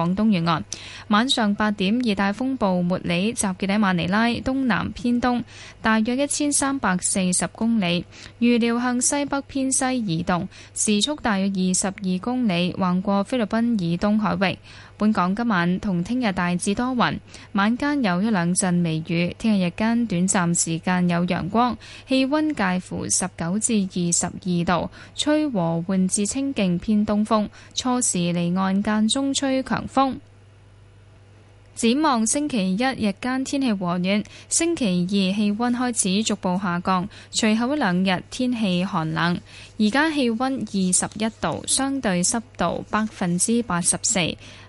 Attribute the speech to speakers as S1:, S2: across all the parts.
S1: 廣東沿岸，晚上八點，熱帶風暴末里集結喺馬尼拉東南偏東，大約一千三百四十公里，預料向西北偏西移動，時速大約二十二公里，橫過菲律賓以東海域。本港今晚同聽日大致多雲，晚間有一兩陣微雨。聽日日間短暫時間有陽光，氣溫介乎十九至二十二度，吹和緩至清勁偏東風。初時離岸間中吹強風。展望星期一日間天氣和暖，星期二氣溫開始逐步下降，隨後一兩日天氣寒冷。而家氣溫二十一度，相對濕度百分之八十四。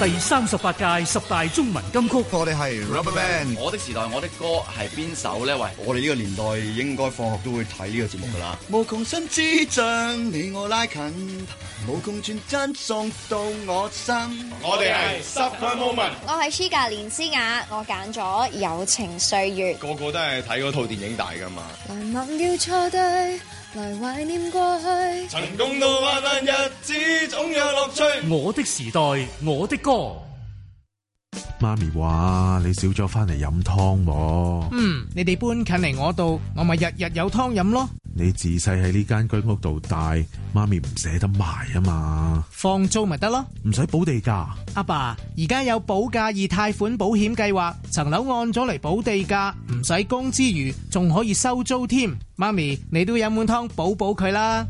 S2: 第三十八屆十大中文金曲，我哋係 Rubberband 我的時代，我的歌係邊首咧？喂，我哋呢個年代應該放學都會睇呢個節目噶啦。無窮新之掌，你我拉近；無窮傳真送到我心。我哋係 Super Moment，
S3: 我係 Shiga 連詩雅，我揀咗《友情歲月》。個
S2: 個都係睇嗰套電影大噶嘛？
S1: 難忘要錯對。來懷念過去，曾共度患難日
S2: 子，總有樂趣。我的時代，我的歌。媽咪話你少咗翻嚟飲湯喎。嗯，你哋搬近嚟我度，我咪日日有湯飲咯。你自細喺呢間居屋度大，媽咪唔捨得賣啊嘛，放租咪得咯，唔使補地價。阿爸，爸，而家有保價易貸款保險計劃，層樓按咗嚟，補地價，唔使供之餘，仲可以收租添。媽咪，你都飲碗湯，補補佢啦。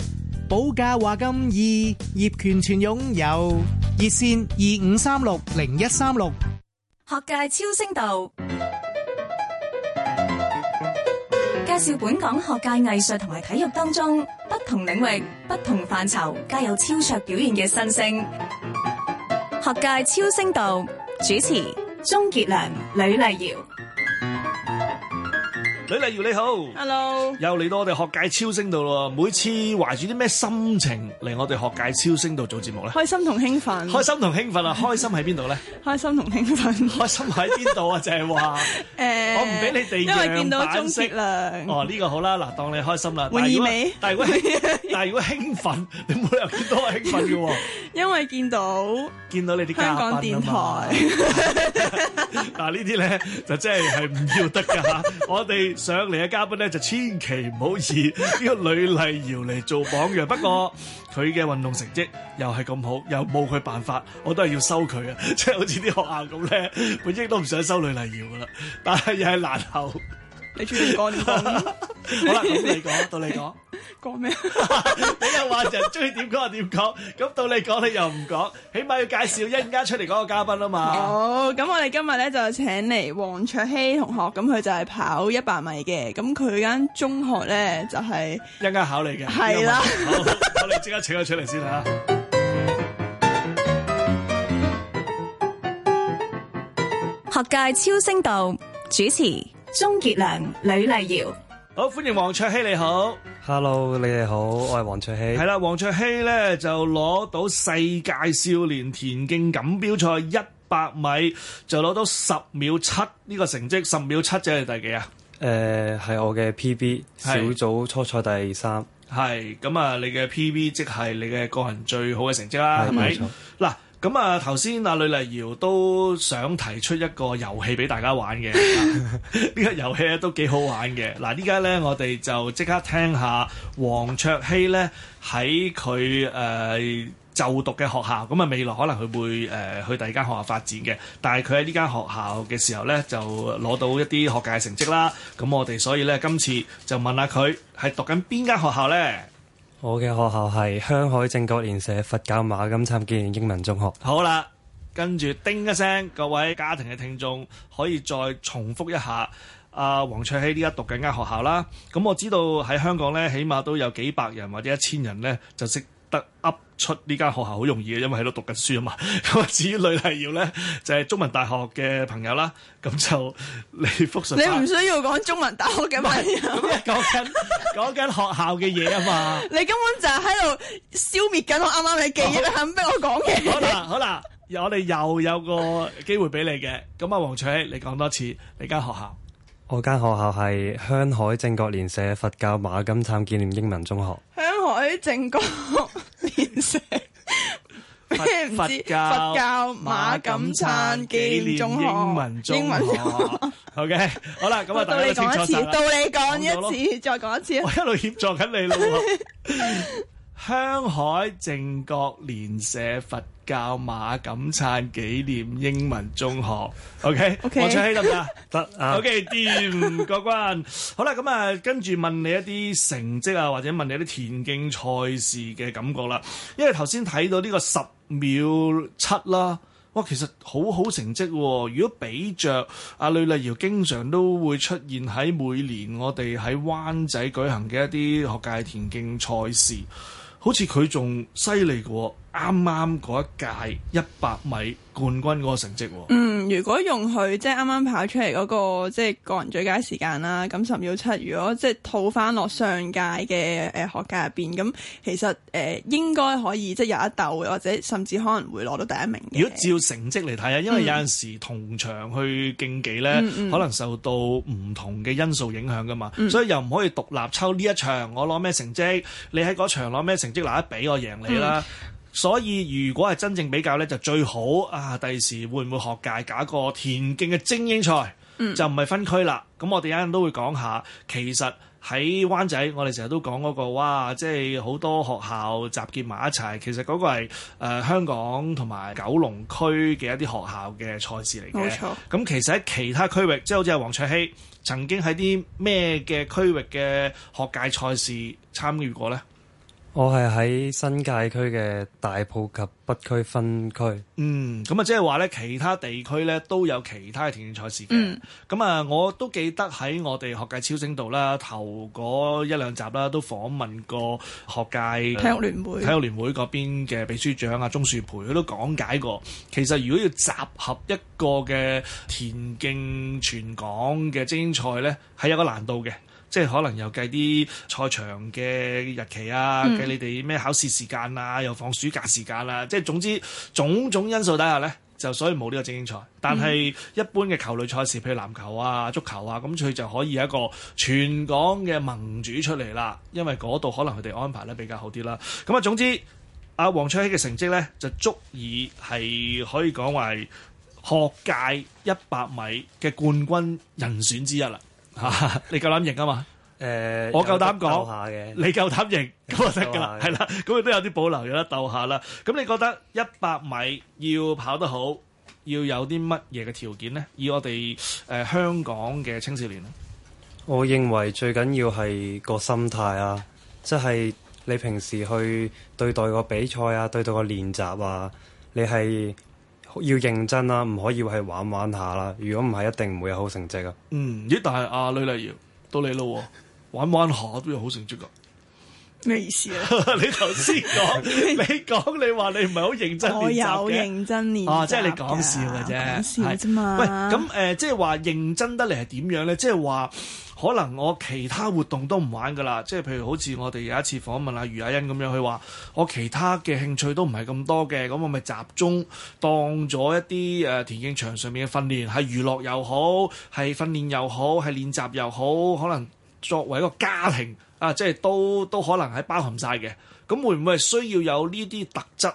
S2: 保價話咁易，業權全擁有，熱線二五三六零一三六，
S1: 學界超聲道。介紹本港學界、藝術同埋體育當中不同領域、不同範疇皆有超卓表現嘅新星，學界超星道主持：鍾傑良、呂麗瑤。
S2: 呂麗瑤你好，Hello，又嚟到我哋學界超聲度咯。每次懷住啲咩心情嚟我哋學界超聲度做節目咧？開
S3: 心同興奮，開
S2: 心同興奮啊！開心喺邊度咧？開
S3: 心同興奮，
S2: 開心喺邊度啊？就係話，
S3: 誒，我唔俾你哋因為見到鍾傑良眼色啦。哦，
S2: 呢個好啦，嗱，當你開心啦，滿意未？但係如果但係如果興奮，你冇理由見到我興奮嘅。
S3: 因為見到
S2: 見到你哋香港電台！嗱，呢啲咧就真係係唔要得嘅吓，我哋。上嚟嘅嘉賓咧就千祈唔好以呢個呂麗瑤嚟做榜樣，不過佢嘅運動成績又係咁好，又冇佢辦法，我都係要收佢啊。即係好似啲學校咁咧，本應都唔想收呂麗瑤噶啦，但係又係難求。你中意講就講啦， 好啦，到你講，到你講，講咩什？ 就你，你又話人中意點講就點講，咁到你講你又唔講，起碼要介紹一陣間出嚟嗰個嘉賓啊嘛。好、
S3: 哦，咁我哋今日咧就請嚟黃卓熙同學，咁佢就係跑一百米嘅，咁佢間中學咧就係一家考
S2: 嚟嘅，係對啦。 好，我哋即刻請佢出嚟先啦。
S1: 學界超聲道主持。鍾傑良、
S2: 呂麗瑤，好歡迎黃卓熙，你好，Hello，你哋好，我係黃卓熙，係啦，黃 卓熙咧，就攞到世界少年田徑錦標賽一百米就攞到十秒七呢個成績，十秒七就係第幾啊？
S4: 誒、呃，係我嘅 PB 小組初賽第三，
S2: 係咁啊， 你嘅 PB 即係你嘅個人最好嘅成績啦，係咪？嗱。咁啊，頭先啊，呂麗瑤都想提出一個遊戲俾大家玩嘅，呢、啊、個 遊戲咧都幾好玩嘅。嗱、啊，依家咧我哋就即刻聽下黃卓熙咧喺佢誒就讀嘅學校，咁、嗯、啊未來可能佢會誒去、呃、第二間學校發展嘅。但係佢喺呢間學校嘅時候咧，就攞到一啲學界成績啦。咁、嗯、我哋所以咧今次就問下佢係讀緊邊間學校咧？
S4: 我嘅學校係香海正覺蓮社佛教馬錦燦紀念英文中學。
S2: 好啦，跟住叮一聲，各位家庭嘅聽眾可以再重複一下阿黃、呃、卓熙呢一讀緊間學校啦。咁、嗯、我知道喺香港呢，起碼都有幾百人或者一千人呢就識。得噏出呢間學校好容易嘅，因為喺度讀緊書啊嘛。咁啊，至於呂麗瑤咧，就係、是、中文大學嘅朋友啦。咁就你複你唔需
S3: 要講中文大學嘅朋友。咁講
S2: 緊講緊學校嘅嘢啊嘛。
S3: 你根本就喺度消滅緊我啱啱嘅記憶，剛剛你肯唔 我講嘅嘢？好啦，
S2: 好啦，我哋又有個機會俾你嘅。咁啊，黃卓熙，你講多次，你間學校？
S4: 我間學校係香海正覺蓮社佛教馬錦燦紀念英文中
S2: 學。
S3: 海正覺蓮社咩唔知？佛教馬錦
S2: 燦紀念中學，英文中學。好嘅，好啦，咁啊，大家清楚啦。到你講一次，到你講一次，
S3: 再講一次。我一
S2: 路協助緊你咯。香海正覺蓮社佛。教馬錦燦紀念英文中學 ，OK，黃卓熙得唔得？得，OK，掂，過關，好啦，咁啊，跟住問你一啲成績啊，或者問你一啲田徑賽事嘅感覺啦。因為頭先睇到呢個十秒七啦，哇，其實好好成績喎。如果比着阿呂麗瑤，經常都會出現喺每年我哋喺灣仔舉行嘅一啲學界田徑賽事，好似佢仲犀利過。啱啱嗰一屆一百米冠軍嗰個成績，嗯，
S3: 如果用佢即係啱啱跑出嚟嗰、嗰個即係個人最佳時間啦，咁十秒七，如果即係套翻落上屆嘅誒學界入邊，咁其實誒、呃、應該可以即係有一鬥，或者甚至可能會攞到第一名。如
S2: 果照成績嚟睇啊，因為有陣時同場去競技咧，嗯、可能受到唔同嘅因素影響噶嘛，嗯嗯所以又唔可以獨立抽呢一場我攞咩成績，你喺嗰場攞咩成績，嗱一比我贏你啦。嗯所以如果係真正比較咧，就最好啊！第時會唔會學界搞個田徑嘅精英賽，嗯，就唔係分區啦。咁我哋一陣都會講下。其實，喺灣仔，我哋成日都講嗰個哇，即係好多學校集結埋一齊，其實嗰個係誒香港同埋九龍區嘅一啲學校嘅賽事嚟嘅。冇錯。咁其實喺其他區域，即係好似阿黃卓熙曾經喺啲咩嘅區域嘅學界賽事參與過咧？
S4: 我係喺新界區嘅大埔及北區分區。
S2: 嗯，咁啊，即係話咧，其他地區咧都有其他嘅田徑賽事嘅。咁啊、嗯，我都記得喺我哋學界超聲道度啦，頭嗰一兩集啦，都訪問過學界體育聯會、體育聯會嗰邊嘅秘書長阿鍾樹培，佢都講解過，其實如果要集合一個嘅田徑全港嘅精英賽咧，係有個難度嘅。即係可能又計啲賽場嘅日期啊，嗯、計你哋咩考試時間啊，又放暑假時間啦、啊。即係總之，種種因素底下呢，就所以冇呢個精英賽。但係一般嘅球類賽事，譬如籃球啊、足球啊，咁佢就可以一個全港嘅盟主出嚟啦。因為嗰度可能佢哋安排得比較好啲啦。咁、嗯、啊，總之阿黃卓熙嘅成績呢，就足以係可以講為學界一百米嘅冠軍人選之一啦。 你夠膽贏？啊嘛？誒、呃，我夠膽講，下你夠膽贏咁就得噶啦。係啦，咁亦都有啲保留，有得鬥下啦。咁你覺得一百米要跑得好，要有啲乜嘢嘅條件呢？以我哋誒、呃、香港嘅青少年，
S4: 我認為最緊要係個心態啊，即、就、係、是、你平時去對待個比賽啊，對待個練習啊，你係。要認真啦，唔可以係玩玩下啦。如果唔係，一定唔會有好成績㗎。嗯，
S2: 咦？但係阿呂麗瑤，到你咯、啊， 玩玩下都有好成績噶、啊。咩意思啊？ 你頭先講， 你講你話你唔係好認真練習嘅。我有認
S3: 真練習。哦、啊，即係你講
S2: 笑嘅啫，講笑啫嘛。喂，咁誒、呃，即係話認真得嚟係點樣咧？即係話可能我其他活動都唔玩噶啦。即係譬如好似我哋有一次訪問余阿余亞欣咁樣，佢話我其他嘅興趣都唔係咁多嘅，咁我咪集中當咗一啲誒、呃、田徑場上面嘅訓練，係娛樂又好，係訓練又好，係練習又好。可能作為一個家庭。啊，即係都都可能係包含晒嘅，咁會唔會需要有呢啲特質，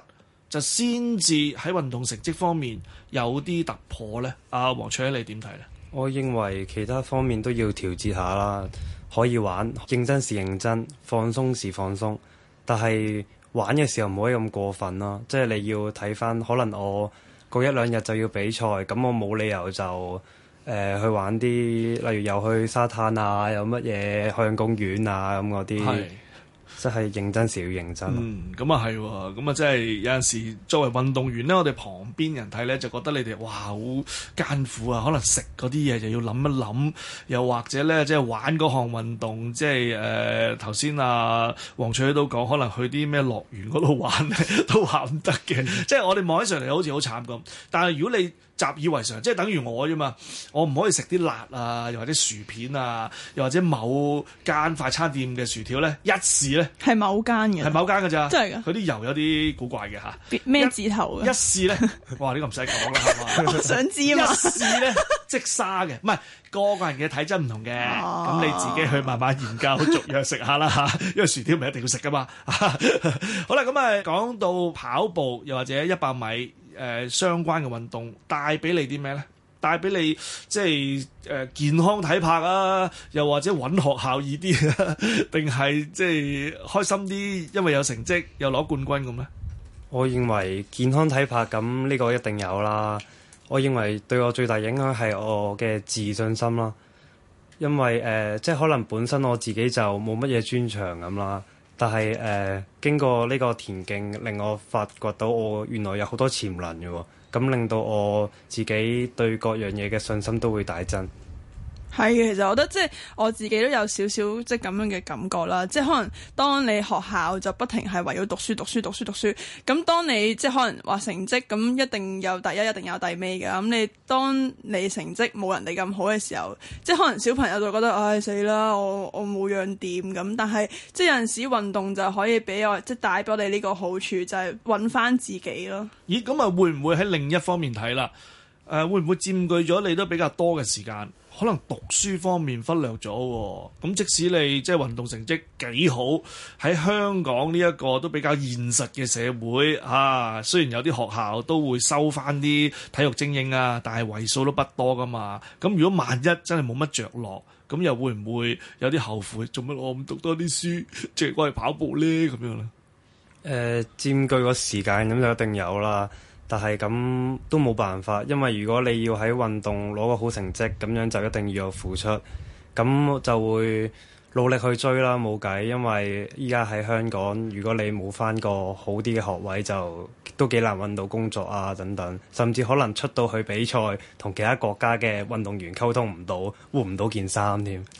S2: 就先至喺運動成績方面有啲突破呢？阿、啊、黃卓熙你點睇呢？
S4: 我認為其他方面都要調節下啦，可以玩，認真時認真，放鬆時放鬆，但係玩嘅時候唔可以咁過分咯。即、就、係、是、你要睇翻，可能我過一兩日就要比賽，咁我冇理由就～誒、呃，去玩啲，例如又去沙灘啊，又乜嘢海洋公園啊，咁嗰啲，真係認真時要認真嗯。嗯，
S2: 咁啊係喎，咁啊即係有陣時作為運動員咧，我哋旁邊人睇咧就覺得你哋哇好艱苦啊，可能食嗰啲嘢就要諗一諗，又或者咧即係玩嗰項運動，即係誒頭先阿黃卓熙都講，可能去啲咩樂園嗰度玩 都話唔得嘅，即係我哋望起上嚟好似好慘咁，但係如果你習以為常，即係等於我啫嘛。我唔可以食啲辣啊，又或者薯片啊，又或者某間快餐店嘅薯條咧，一試咧
S3: 係某間嘅，係某
S2: 間嘅咋，真係㗎。佢啲油有啲古怪嘅吓，咩字頭嘅？一試咧，哇！呢個唔使講啦，係 嘛？想知啊？一試咧，即沙嘅，唔係個個人嘅體質唔同嘅，咁 你自己去慢慢研究，逐樣食下啦嚇。因為薯條唔係一定要食㗎嘛。 好啦，咁啊講到跑步，又或者一百米。誒、呃、相關嘅運動帶俾你啲咩呢？帶俾你即係、呃、健康體魄啊，又或者揾學校易啲啊，定係即係開心啲，因為有成績又攞冠軍咁呢？
S4: 我認為健康體魄咁呢個一定有啦。我認為對我最大影響係我嘅自信心啦，因為誒、呃、即係可能本身我自己就冇乜嘢專長咁啦。但係誒、呃，經過呢個田徑，令我發覺到我原來有好多潛能嘅喎、哦，咁令到我自己對各樣嘢嘅信心都會大增。
S3: 係嘅，其實我覺得即係我自己都有少少即係咁樣嘅感覺啦。即係可能當你學校就不停係圍繞讀書、讀書、讀書、讀書咁，書當你即係可能話成績咁一定有第一，一定有第尾嘅咁。你當你成績冇人哋咁好嘅時候，即係可能小朋友就覺得唉死啦，我我冇樣掂咁。但係即係有陣時運動就可以俾我即係帶俾我哋呢個好處就係搵翻自己咯。
S2: 咦？咁啊會唔會喺另一方面睇啦？誒、呃，會唔會佔據咗你都比較多嘅時間？可能讀書方面忽略咗、哦，咁即使你即係、就是、運動成績幾好，喺香港呢一個都比較現實嘅社會嚇、啊，雖然有啲學校都會收返啲體育精英啊，但係為數都不多㗎嘛。咁如果萬一真係冇乜着落，咁又會唔會有啲後悔？做乜我唔讀多啲書，淨係攞嚟跑步呢？咁樣咧？
S4: 誒、呃，佔據個時間咁就一定有啦。但係咁都冇辦法，因為如果你要喺運動攞個好成績，咁樣就一定要有付出，咁就會努力去追啦，冇計。因為依家喺香港，如果你冇翻個好啲嘅學位，就都幾難揾到工作啊等等，甚至可能出到去比賽，同其他國家嘅運動員溝通唔到，換唔到件衫添。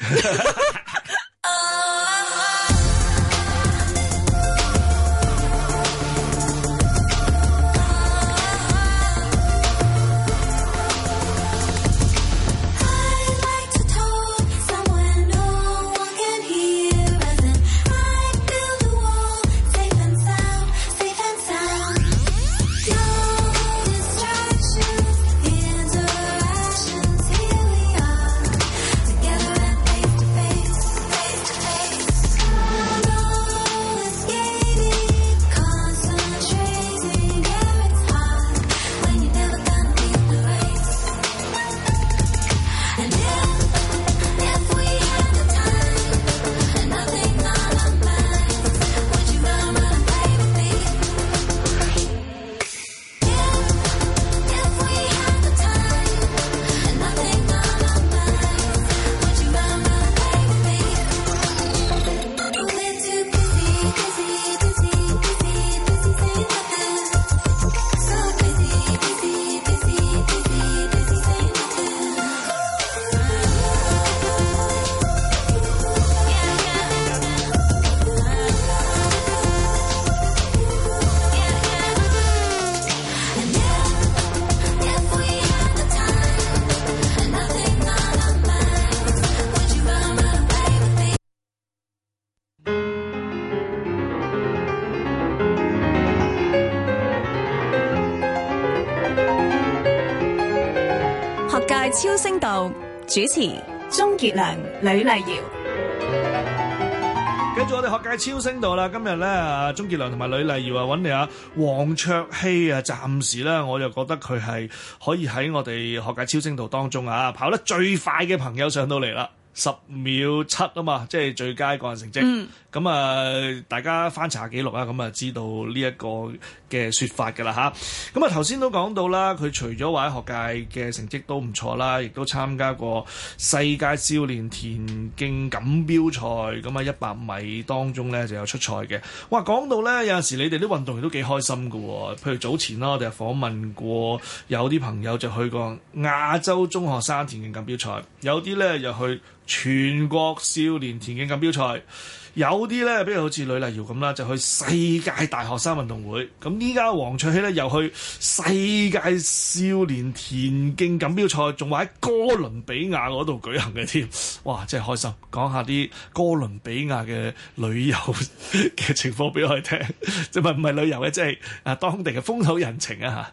S1: 主持，鍾杰良、呂麗瑤，
S2: 跟住我哋學界超聲度啦！今日咧啊，鍾杰良同埋呂麗瑤啊，揾你啊，黃卓熙啊，暫時咧，我就覺得佢係可以喺我哋學界超聲度當中啊，跑得最快嘅朋友上到嚟啦，十秒七啊嘛，即係最佳個人成績。嗯咁啊、嗯，大家翻查記錄啦，咁、嗯、啊知道呢一個嘅説法嘅啦吓，咁啊頭先都講到啦，佢除咗話喺學界嘅成績都唔錯啦，亦都參加過世界少年田徑錦標賽。咁啊一百米當中咧就有出賽嘅。哇，講到咧有陣時，你哋啲運動員都幾開心嘅喎。譬如早前啦，我哋訪問過有啲朋友就去過亞洲中學生田徑錦標賽，有啲咧又去全國少年田徑錦標賽。有啲咧，比如好似呂麗瑤咁啦，就去世界大學生運動會。咁依家黃卓熙咧又去世界少年田徑錦標賽，仲話喺哥倫比亞嗰度舉行嘅添。哇，真係開心！講下啲哥倫比亞嘅旅遊嘅 情況俾我哋聽，即係唔係旅遊咧，即係啊當地嘅風土人情啊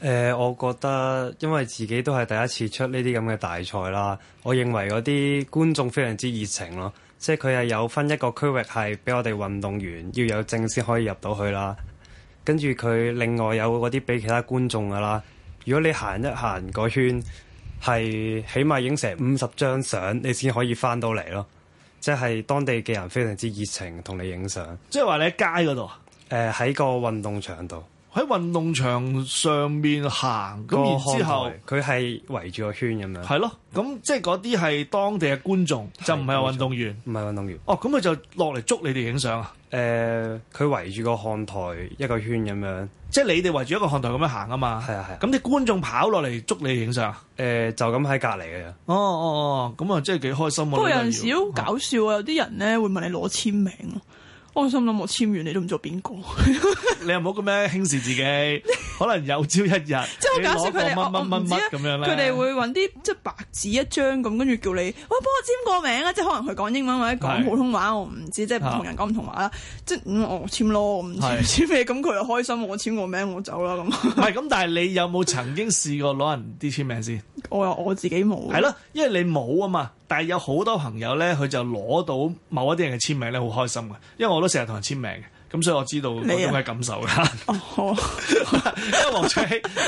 S2: 吓。
S4: 誒、呃，我覺得因為自己都係第一次出呢啲咁嘅大賽啦，我認為嗰啲觀眾非常之熱情咯。即係佢係有分一個區域係俾我哋運動員要有證先可以入到去啦，跟住佢另外有嗰啲俾其他觀眾㗎喇。如果你行一行個圈，係起碼影成五十張相，你先可以返到嚟咯。即係當地嘅人非常之熱情，同你影相。
S2: 即係話你喺街嗰度，誒喺個運動場度。喺運動場上面行咁，然之後佢係圍住個圈咁樣。係咯，咁即係嗰啲係當地嘅觀眾，就唔係運動員。唔係運動員。哦，咁佢就落嚟捉你哋影相啊？誒，佢圍住個看台一個圈咁樣，即係你哋圍住一個看台咁樣行啊嘛。係啊係啊，咁啲觀眾跑落嚟捉你影相。誒，就咁喺隔籬嘅。哦哦哦，咁啊，即係幾開心喎。不過有陣時
S3: 好搞笑啊！有啲人咧會問你攞簽名。我心諗我簽完你都唔做邊個，
S2: 你又唔好咁樣輕視自己， 可能有朝一日即係 假設佢哋乜乜乜乜咁樣咧，佢哋會
S3: 搵啲即係白紙一張咁，跟住叫你喂，幫我簽個名啊！即係可能佢講英文或者講普通話，是我唔知、就是，即係唔同人講唔同話啦。即、嗯、係我簽咯，我唔簽唔簽咩咁是，佢又開心，我簽個名我走啦咁。係咁，但係
S2: 你有冇曾經試過攞人啲簽名先？
S3: 我話我自己冇。係咯，
S2: 因為你冇啊嘛。但係有好多朋友咧，佢就攞到某一啲人嘅簽名咧，好開心嘅。因為我都成日同人簽名，咁所以我知道有咩感受嘅。好麼，咁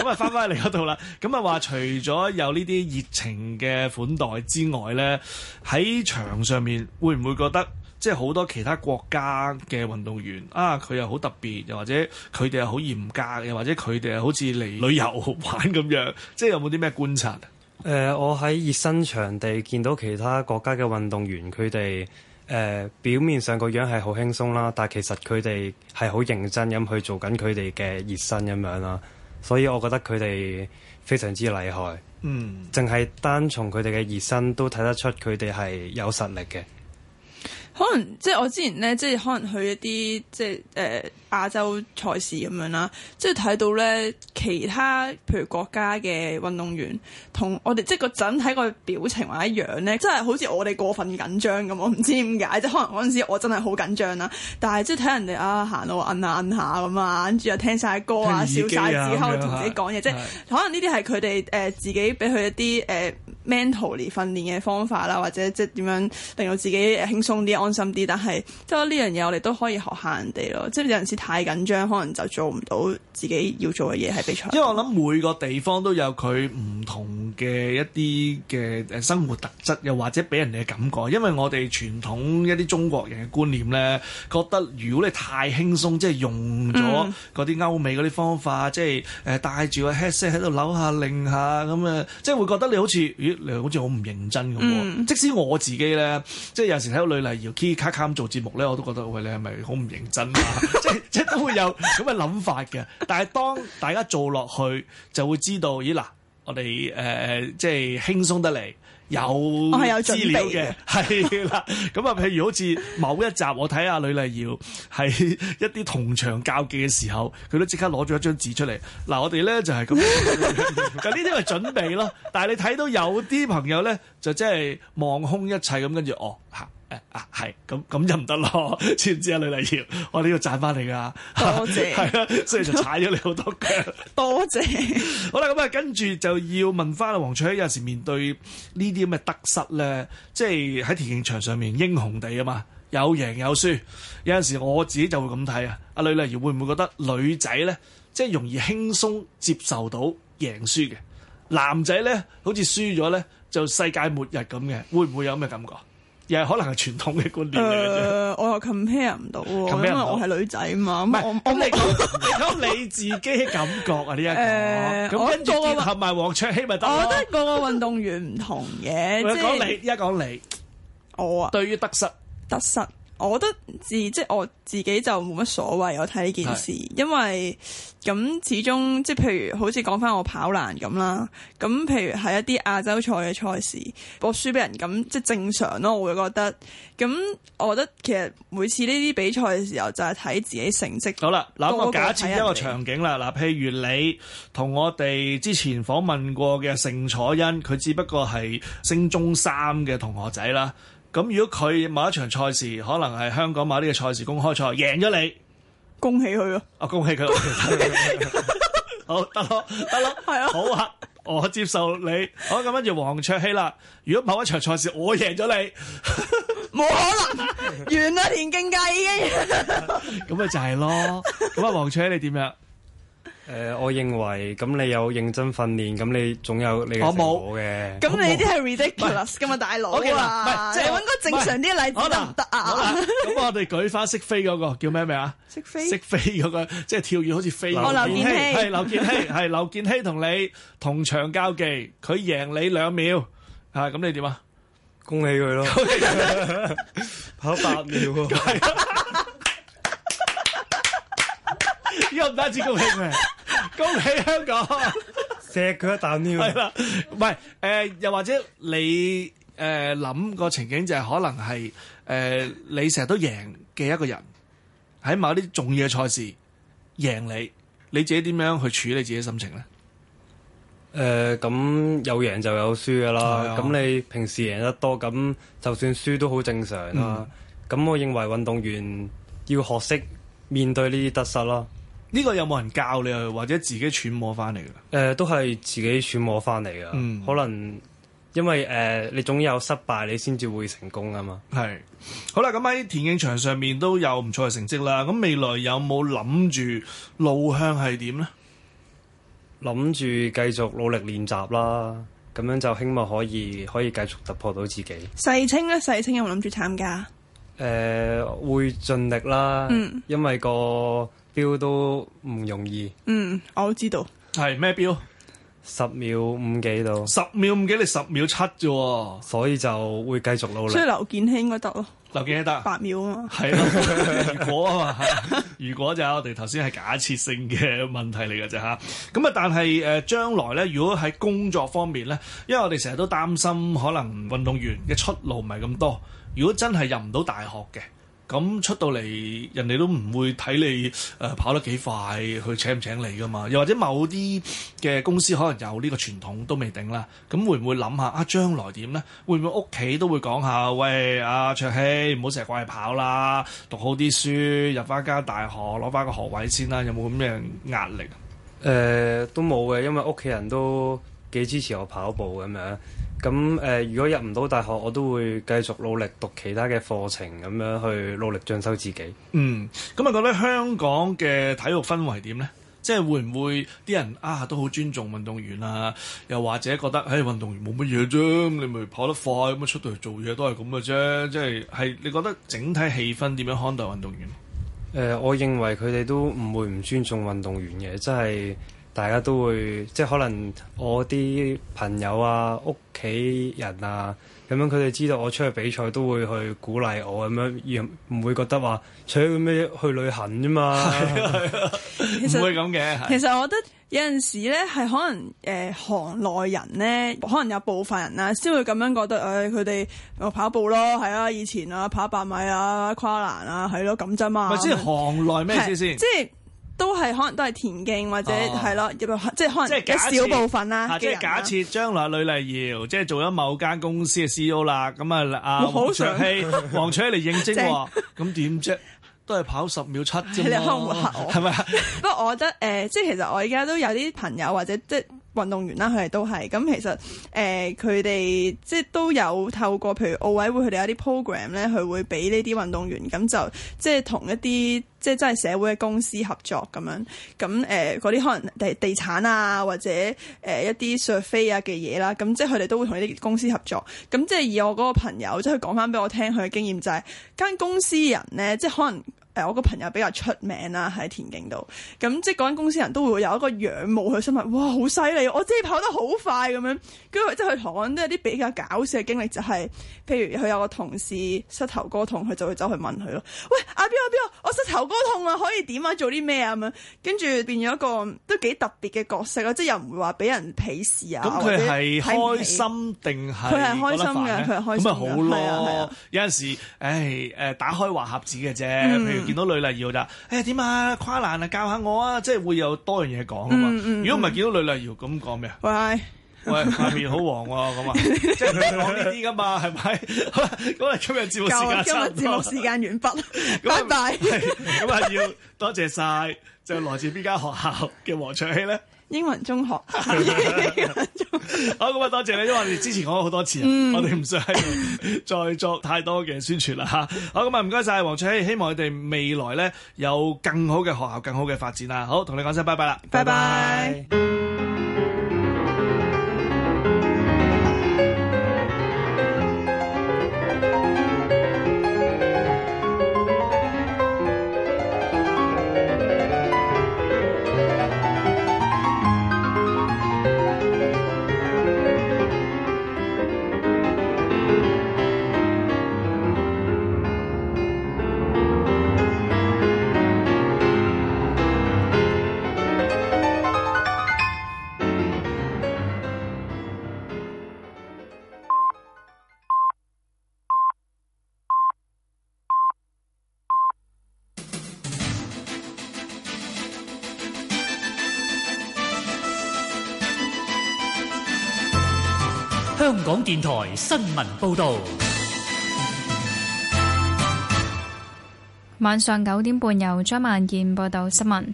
S2: 啊， 翻返嚟你嗰度啦。咁啊，話除咗有呢啲熱情嘅款待之外咧，喺場上面會唔會覺得即係好多其他國家嘅運動員啊？佢又好特別，又或者佢哋又好嚴格，又或者佢哋又好似嚟旅遊玩咁樣，即係有冇啲咩觀察？
S4: 誒、呃，我喺熱身場地見到其他國家嘅運動員，佢哋誒表面上個樣係好輕鬆啦，但其實佢哋係好認真咁去做緊佢哋嘅熱身咁樣啦，所以我覺得佢哋非常之厲害。
S3: 嗯，
S4: 淨係單從佢哋嘅熱身都睇得出佢哋係有實力嘅。
S3: 可能即係我之前咧，即係可能去一啲即係誒、呃、亞洲賽事咁樣啦，即係睇到咧其他譬如國家嘅運動員同我哋即係個整體個表情或者樣咧，即係好似我哋過分緊張咁，我唔知點解，即係可能嗰陣時我真係好緊張啦。但係即係睇人哋啊行路摁下摁下咁啊，跟住又聽晒歌聽啊，笑晒之後同這樣 自己講嘢，的即係可能呢啲係佢哋誒自己俾佢一啲誒。呃呃 Mentally 訓練嘅方法啦，或者即點樣令到自己誒輕鬆啲、安心啲，但係即係呢樣嘢我哋都可以學下人哋咯。即係有陣時太緊張，可能就做唔到自己要做嘅嘢喺比賽。因為我諗
S2: 每個地方都有佢唔同嘅一啲嘅誒生活特質，又或者俾人哋嘅感覺。因為我哋傳統一啲中國人嘅觀念咧，覺得如果你太輕鬆，即係用咗嗰啲歐美嗰啲方法，即係誒戴住個 headset 喺度扭下、擰下咁啊，即係會覺得你好似你好似好唔認真咁、嗯、即使我自己咧，即係有時睇到呂麗瑤 k 卡咁做節目咧，我都覺得喂，你係咪好唔認真啊？ 即係即係都會有咁嘅諗法嘅。但係當大家做落去，就會知道咦嗱，我哋誒誒即係輕鬆得嚟。有我係有資料嘅，係啦。咁 啊，譬如好似某一集，我睇阿呂麗瑤喺一啲同場較技嘅時候，佢都即刻攞咗一張紙出嚟。嗱，我哋咧就係、是、咁，嗱呢啲咪準備咯。但係你睇到有啲朋友咧。就即係望空一切咁，跟住哦，吓誒啊，係咁咁就唔得咯，知唔知啊？呂麗瑤，我呢要賺翻你噶，多謝，係啊，啊，所以就踩咗你好多腳，多謝 好啦。咁、嗯、啊，跟住就要問翻黃卓熙，有陣時面對呢啲咁嘅得失咧，即係喺田徑場上面英雄地啊嘛，有贏有輸。有陣時我自己就會咁睇啊，阿呂麗瑤會唔會覺得女仔咧，即係容易輕鬆接受到贏輸嘅男仔咧，好似輸咗咧？就世界末日咁嘅，會唔會有咩感覺？又係可能係傳統嘅觀念嚟嘅
S3: 啫。我又 compare 唔到，因為我係女仔啊嘛。唔係，咁
S2: 你講你自己感覺啊呢一個。咁跟住結合埋
S3: 黃卓熙咪得。我覺得個個運動員唔同嘅。一講你，一講你，我啊，對於得失，得失。我覺得自即係我自己就冇乜所謂，我睇呢件事，是因為咁始終即係譬如好似講翻我跑欄咁啦，咁譬如係一啲亞洲賽嘅賽事，我輸俾人咁即係正常咯，我會覺得。咁我覺得其實每次呢啲比賽嘅時候就係、是、睇自己成績。好啦了，嗱我、那個、假設一個場
S2: 景啦，嗱譬如你同我哋之前訪問過嘅盛楚欣，佢只不過係升中三嘅同學仔啦。咁如果佢某一場賽事可能係香港某一呢個賽事公開賽贏咗你
S3: 恭、啊，恭喜佢
S2: 咯！啊恭喜佢， 好得咯得咯係啊好啊我接受你好咁跟住黃卓熙啦，如果某一場賽事我贏咗你，
S3: 冇 可能完啦田徑界已經
S2: 咁咪 就係咯，咁啊黃卓熙你點樣？誒，我認為咁
S4: 你有認真訓練，咁你總有你嘅成果嘅。咁你呢啲係 ridiculous
S3: 噶嘛，大佬啊！唔係，就係揾個正常啲例子得唔得啊？好啦，
S2: 咁我哋舉翻識飛嗰個叫咩名啊？識飛識飛嗰個即係跳躍，好似飛。我劉建希係劉建希，係劉建希同你同場交技，佢贏你兩秒，吓咁你點啊？恭喜佢咯，
S4: 跑八秒。
S2: 而家唔單止恭喜咩？恭喜香港錫佢
S4: 一啖添係
S2: 啦，唔係誒，又或者你誒諗個情景就係可能係誒、呃，你成日都贏嘅一個人喺某啲重要嘅賽事贏你，你自己點樣去處理自己心情
S4: 咧？誒、呃，咁有贏就有輸噶啦。咁、啊、你平時贏得多，咁就算輸都好正常啊。咁、嗯、我認為運動員要學識面對呢啲得失啦。呢個有冇人教你呀，或者自己揣摩翻嚟噶誒、呃，都係自己揣摩翻嚟噶。嗯、可能因為誒、呃，你總有失
S2: 敗，你先至會成功噶嘛。係，好啦，咁喺田徑場上面都有唔錯嘅成績啦。咁未來有冇諗住路向係點咧？諗
S4: 住繼續努力練習啦，咁樣就希望可以可以繼續突破到自己。
S3: 世青咧，世青有冇諗住參加？
S4: 誒、呃，會盡力啦。嗯，因為個。標都唔容易，
S3: 嗯，我知道，
S4: 係咩標？
S2: 十秒五幾到？十秒五幾？你十秒七啫，所以就會繼續努力。所以劉
S3: 健興應該得
S2: 咯，劉健興得八秒啊嘛，係咯， 如果啊嘛，如果就係 我哋頭先係假設性嘅問題嚟嘅啫吓。咁啊，但係誒將來咧，如果喺工作方面咧，因為我哋成日都擔心可能運動員嘅出路唔係咁多。如果真係入唔到大學嘅。咁出到嚟，人哋都唔會睇你誒、呃、跑得幾快，去請唔請你噶嘛？又或者某啲嘅公司可能有呢個傳統都未定啦。咁會唔會諗下啊？將來點咧？會唔會屋企都會講下？喂，阿、啊、卓熙，唔好成日掛住跑啦，讀好啲書，入翻間大學攞翻個學位先啦。有冇咁樣壓力啊、呃？
S4: 都冇嘅，因為屋企人都幾支持我跑步咁樣。咁誒、呃，如果入唔到大學，我都會繼續努力讀其他嘅課程，咁樣去努力進修自己。
S2: 嗯，咁啊，覺得香港嘅體育氛圍點呢？即係會唔會啲人啊都好尊重運動員啊？又或者覺得誒、欸、運動員冇乜嘢啫，你咪跑得快咁出到嚟做嘢都係咁嘅啫？即係係你覺得整體氣氛點樣看待運動員？
S4: 誒、呃，我認為佢哋都唔會唔尊重運動員嘅，即係。大家都會即係可能我啲朋友啊、屋企人啊咁樣，佢哋知道我出去比賽都會去鼓勵我咁樣，而唔會覺得話除咗咁去旅行啫嘛，其實唔會咁嘅。其實
S3: 我覺得有陣時咧係可能誒、呃、行內人咧，可能有部分人啊先會咁樣覺得誒，佢、哎、哋跑步咯，係啊，以前啊跑百米啊跨欄啊，係咯咁啫嘛。唔係即
S2: 行內咩意思先？即係。
S3: 都係可能都係田徑或者係咯、啊，即係可能即一小部分啦。即係假
S2: 設設將來呂麗瑤即係做咗某間公司嘅 CEO 啦，咁啊阿黃卓熙 黃卓熙嚟應徵，咁點啫？都係跑十秒七啫嘛、啊，係咪？
S3: 吧 不過我覺得誒，即、呃、係其實我而家都有啲朋友或者即、就、係、是。運動員啦，佢哋都係咁，其實誒佢哋即係都有透過，譬如奧委會佢哋有啲 program 咧，佢會俾呢啲運動員咁就即係同一啲即係真係社會嘅公司合作咁樣，咁誒嗰啲可能地地產啊或者誒一啲 survey 嘅嘢啦，咁即係佢哋都會同呢啲公司合作，咁、呃啊、即係以我嗰個朋友，即係佢講翻俾我聽，佢嘅經驗就係、是、間公司人咧，即係可能。誒、哎、我個朋友比較出名啦，喺田徑度，咁即係嗰間公司人都會有一個仰慕佢心態，哇，好犀利，我知你跑得好快咁樣，跟住即係去台灣都有啲比較搞笑嘅經歷，就係、是、譬如佢有個同事膝頭哥痛，佢就會走去問佢咯，喂，阿邊阿邊個？啊彪啊彪啊頭哥痛啊，可以點啊？做啲咩啊？咁樣，跟住變咗一個都幾特別嘅角色啊！即係又唔會話俾人鄙視啊。咁佢係開心
S2: 定係？佢係開心嘅，佢係、啊、開心咁咪好咯。啊啊、有陣時，誒，誒，打開話匣子嘅啫。嗯、譬如見到呂麗瑤就，哎呀，點啊？跨欄啊，教下我啊！即係會有多樣嘢講啊嘛。如果唔係見到呂麗瑤，咁講咩啊 Bye 喂，下 面好黃喎，咁啊，即係講呢啲噶嘛，係咪？好啦，咁啊，今日節目時間今日節目時
S3: 間完畢， 樣拜拜。
S2: 咁啊，要多謝晒，就來自邊間學校嘅黃卓熙咧？英文中學，中學 好，咁啊，多謝你，因為我哋之前講咗好多次，嗯、我哋唔想喺度再作太多嘅宣傳啦。吓，好，咁啊，唔該晒，黃卓熙，希望佢哋未來咧有更好嘅學校，更好嘅發展啊。好，同你講聲拜拜啦，
S3: 拜拜。
S1: 電台新聞報道。晚上九點半，由張萬健報導新聞。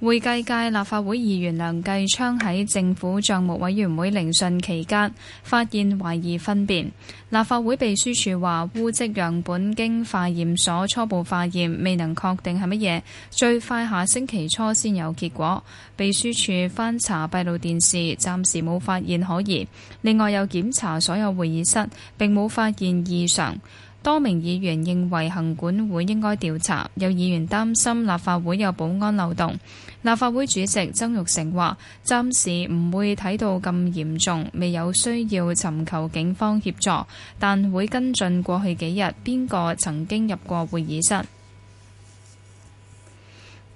S1: 會計界立法會議員梁繼昌喺政府帳目委員會聆訊期間，發現懷疑糞便。立法會秘書處話，污跡樣本經化驗所初步化驗，未能確定係乜嘢，最快下星期初先有結果。秘書處翻查閉路電視，暫時冇發現可疑。另外有檢查所有會議室，並冇發現異常。多名議員認為行管會應該調查，有議員擔心立法會有保安漏洞。立法會主席曾鈺成話：暫時唔會睇到咁嚴重，未有需要尋求警方協助，但會跟進過去幾日邊個曾經入過會議室。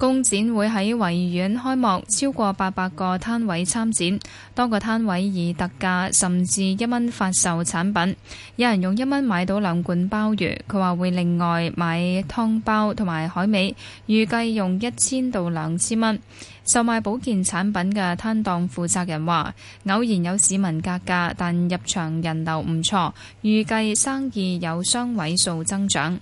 S1: 工展會喺維園開幕，超過八百個攤位參展，多個攤位以特價甚至一蚊發售產品。有人用一蚊買到兩罐鮑魚，佢話會另外買湯包同埋海味，預計用一千到兩千蚊。售賣保健產品嘅攤檔負責人話：偶然有市民格價，但入場人流唔錯，預計生意有雙位數增長。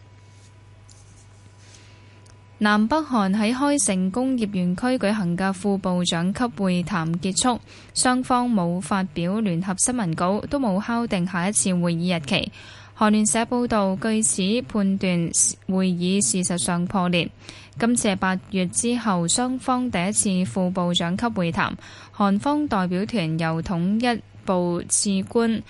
S1: 南北韓喺開城工業園區舉行嘅副部長級會談結束，雙方冇發表聯合新聞稿，都冇敲定下一次會議日期。韓聯社報道，據此判斷，會議事實上破裂。今次係八月之後，雙方第一次副部長級會談，韓方代表團由統一部次官。